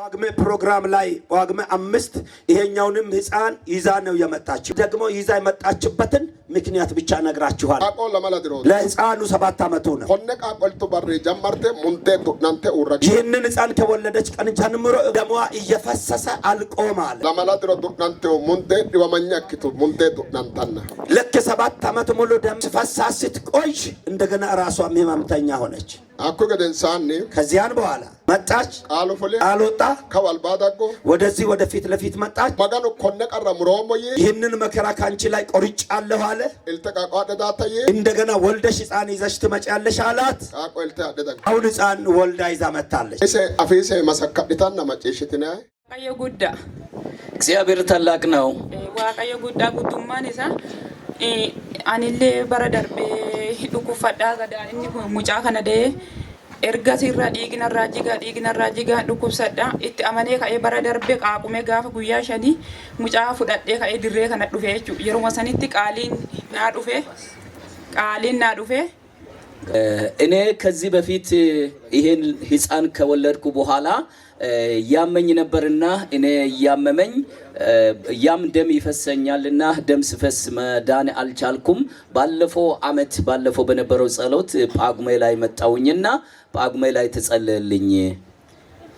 ዋግሜ ፕሮግራም ላይ ዋግሜ አምስት ይሄኛውንም ህፃን ይዛ ነው የመጣችው። ደግሞ ይዛ የመጣችበትን ምክንያት ብቻ ነግራችኋል። ለህፃኑ ሰባት ዓመቱ ነው። ይህንን ህፃን ከወለደች ቀን ጀምሮ ደሟ እየፈሰሰ አልቆማል። ሰባት ዓመት ሙሉ ደም ስፈሳ ስትቆይ እንደገና ራሷ ህመምተኛ ሆነች። አኩ ከዚያን በኋላ መጣች አልወጣ ከዋልባዳጎ ወደዚህ ወደፊት ለፊት መጣች። መጋኖ ኮነቀረ ሙሮሞ ይህንን መከራ ካንቺ ላይ ቆርጫለሁ አለ። ልተቃቋደዳታዬ እንደገና ወልደሽ ህፃን ይዘሽ ትመጫለሽ አላት። አሁን ህፃን ወልዳ ይዛ መታለች። አፌሴ መሰካቢታና መጬሽትነ ቀየ ጉዳ እግዚአብሔር ታላቅ ነው። ዋቀየ ጉዳ ጉዱማን ይዛ anillee bara darbee dhukkubfadhaa gadaa inni mucaa kana dee ergas irraa dhiiginarraa jigaa dhiiginarraa jigaa dhukkubsadha itti amanee ka'ee bara darbee qaaqume gaafa guyyaa shanii mucaa fudhadhee ka'ee dirree kana dhufe jechuudha yeruma sanitti qaaliin naa dhufe qaaliin naa dhufe እኔ ከዚህ በፊት ይሄን ህፃን ከወለድኩ በኋላ ያመኝ ነበርና እኔ እያመመኝ ያም ደም ይፈሰኛልና ደም ስፈስ መዳን አልቻልኩም። ባለፈው አመት ባለፈው በነበረው ጸሎት ጳጉሜ ላይ መጣውኝና ጳጉሜ ላይ ተጸለልኝ።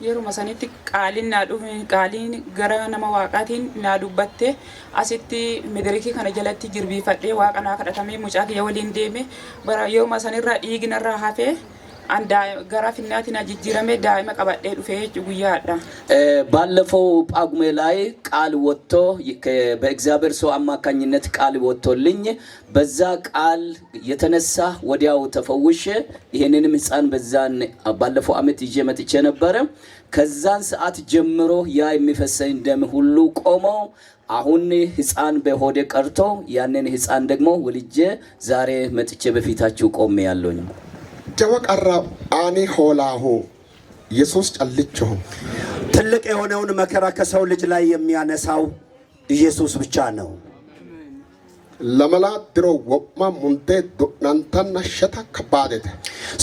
yeruma sanitti qaaliin gara nama waaqaatiin naa dubbatte asitti midirikii kana jalatti jirbiifadhee waaqa naa kadhatamee mucaa kiyya waliin deeme bara yeruma sanirraa irra hafee ዳይመ ቀባጤ eh, ባለፈው ጳጉሜ ላይ ቃል ወጥቶ በእግዚአብሔር ሰው አማካኝነት ቃል ወጥቶልኝ በዛ ቃል የተነሳ ወዲያው ተፈውሼ ይህንንም ህፃን በዛን ባለፈው አመት ይዤ መጥቼ ነበረ። ከዛን ሰዓት ጀምሮ ያ የሚፈሰኝ ደም ሁሉ አሁን ህፃን በሆዴ ቀርቶ ያንን ህፃን ደግሞ ወልጄ ዛሬ መጥቼ በፊታችሁ ቆሜ ያለኝ ደወ አኔ ሆላሆ ኢየሱስ ጨልጭሁ ትልቅ የሆነውን መከራ ከሰው ልጅ ላይ የሚያነሳው ኢየሱስ ብቻ ነው። ለመላ ድሮ ወቅማ ሙንቴ ዶናንታና ሸታ ከባደት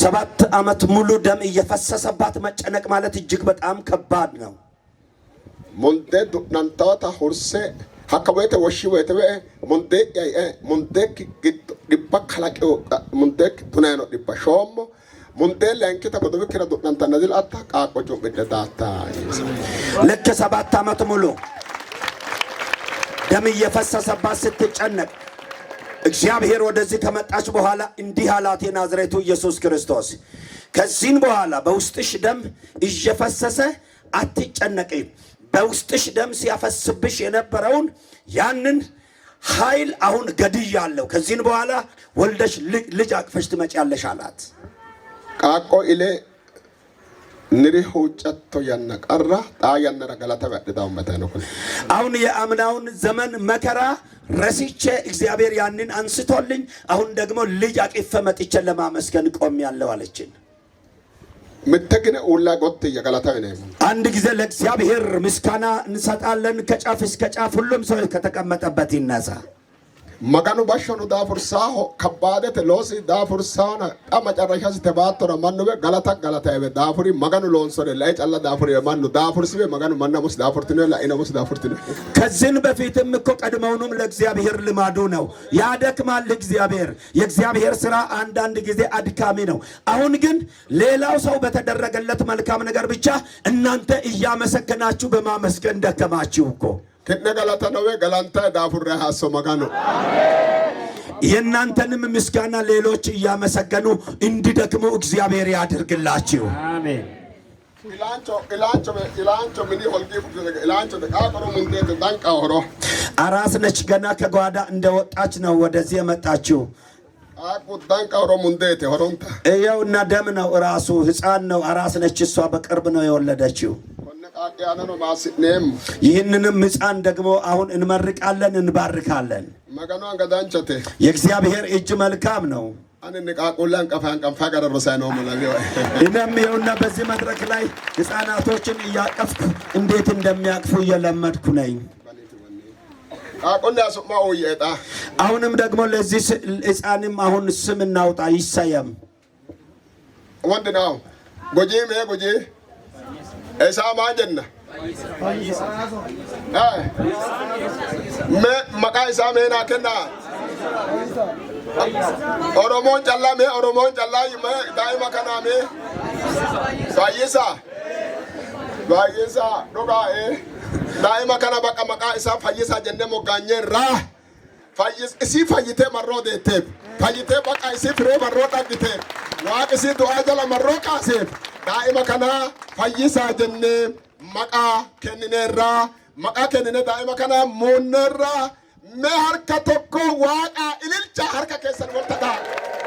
ሰባት ዓመት ሙሉ ደም እየፈሰሰባት መጨነቅ ማለት እጅግ በጣም ከባድ ነው። ሙንቴ ዶናንታዋታ ሁርሴ Hakka woyte woshi woyte wo'e mundeeqi ay'e mundeeqi giddo dhibba kalaqeo mundeeqi tunayino dhibba shoommo mundee layinkita godowikkira du'nantanna dil'atta qaaqqo cu'midhe daatta ልክ ሰባት ዓመት ሙሉ ደም እየፈሰሰባት ስትጨነቅ እግዚአብሔር ወደዚህ ከመጣች በኋላ እንዲህ አላት የናዝሬቱ ኢየሱስ ክርስቶስ ከዚህን በኋላ በውስጥሽ ደም እየፈሰሰ አትጨነቂም በውስጥሽ ደም ሲያፈስብሽ የነበረውን ያንን ኃይል አሁን ገድያለሁ። ከዚህን በኋላ ወልደሽ ልጅ አቅፈሽ ትመጪያለሽ አላት። ቃቆ ኢሌ ንሪሁ ጨቶ ያነቀራ ጣ ጣያነረ ገላተ በዕድታውን መተ ነው። አሁን የአምናውን ዘመን መከራ ረሲቼ እግዚአብሔር ያንን አንስቶልኝ አሁን ደግሞ ልጅ አቅፈ መጥቼ ለማመስገን ቆሜያለሁ አለችን። ምትግነ ውላ ጎት የገላታ አንድ ጊዜ ለእግዚአብሔር ምስጋና እንሰጣለን። ከጫፍ እስከ ጫፍ ሁሉም ሰው ከተቀመጠበት ይነሳ። maganu bashshonu daafursaho kabbaadete loosi daafursaana xa macarrashasi tebaattora mannuwe galata galataewe daafuri maganu loonsore la'e calla daafuriwe mannu daafursiwe maganu mannamus daafurtinoe la'inamus daafurtinoe ከዚህን በፊትም እኮ ቀድመውንም ለእግዚአብሔር ልማዱ ነው ያደክማል። እግዚአብሔር የእግዚአብሔር ስራ አንዳንድ ጊዜ አድካሚ ነው። አሁን ግን ሌላው ሰው በተደረገለት መልካም ነገር ብቻ እናንተ እያመሰገናችሁ በማመስገን ደከማችሁ እኮ ትነ ነው ገላንታ ዳፉረ ሀሶ መጋኖ የእናንተንም ምስጋና ሌሎች እያመሰገኑ እንዲደክሙ እግዚአብሔር ያድርግላችሁ። አራስ ነች ገና ከጓዳ እንደወጣች ነው ወደዚህ የመጣችው። ይኸውና ደም ነው እራሱ ህፃን ነው። አራስ ነች እሷ በቅርብ ነው የወለደችው። ይህንንም ሕፃን ደግሞ አሁን እንመርቃለን፣ እንባርካለን። የእግዚአብሔር እጅ መልካም ነው። እኔም ይኸውና በዚህ መድረክ ላይ ሕፃናቶችን እያቀፍኩ እንዴት እንደሚያቅፉ እየለመድኩ ነኝ። አሁንም ደግሞ ለዚህ ሕፃንም አሁን ስም እናውጣ፣ ይሰየም ወንድ ነው ጎጂ Isaa jenna? Maqaa isaa mee naa kennaa? Oromoon callaa mee Oromoon callaa daa'ima kanaa mee? Fayyisaa? Fayyisaa dhugaa ee daa'ima kana bakka maqaa isaa fayyisaa jennee moggaanyerraa isii fayyitee marroo deetteef fayyitee bakka isii firee marroo dhaqiteef. Waaqa isii du'aa jala marroo qaaseef daa'ima kanaa fayyisaa jennee maqaa kennineerraa maqaa kennine daa'ima kanaa muunneerraa mee harka tokko waaqa ililcha harka keessan wal tagaa.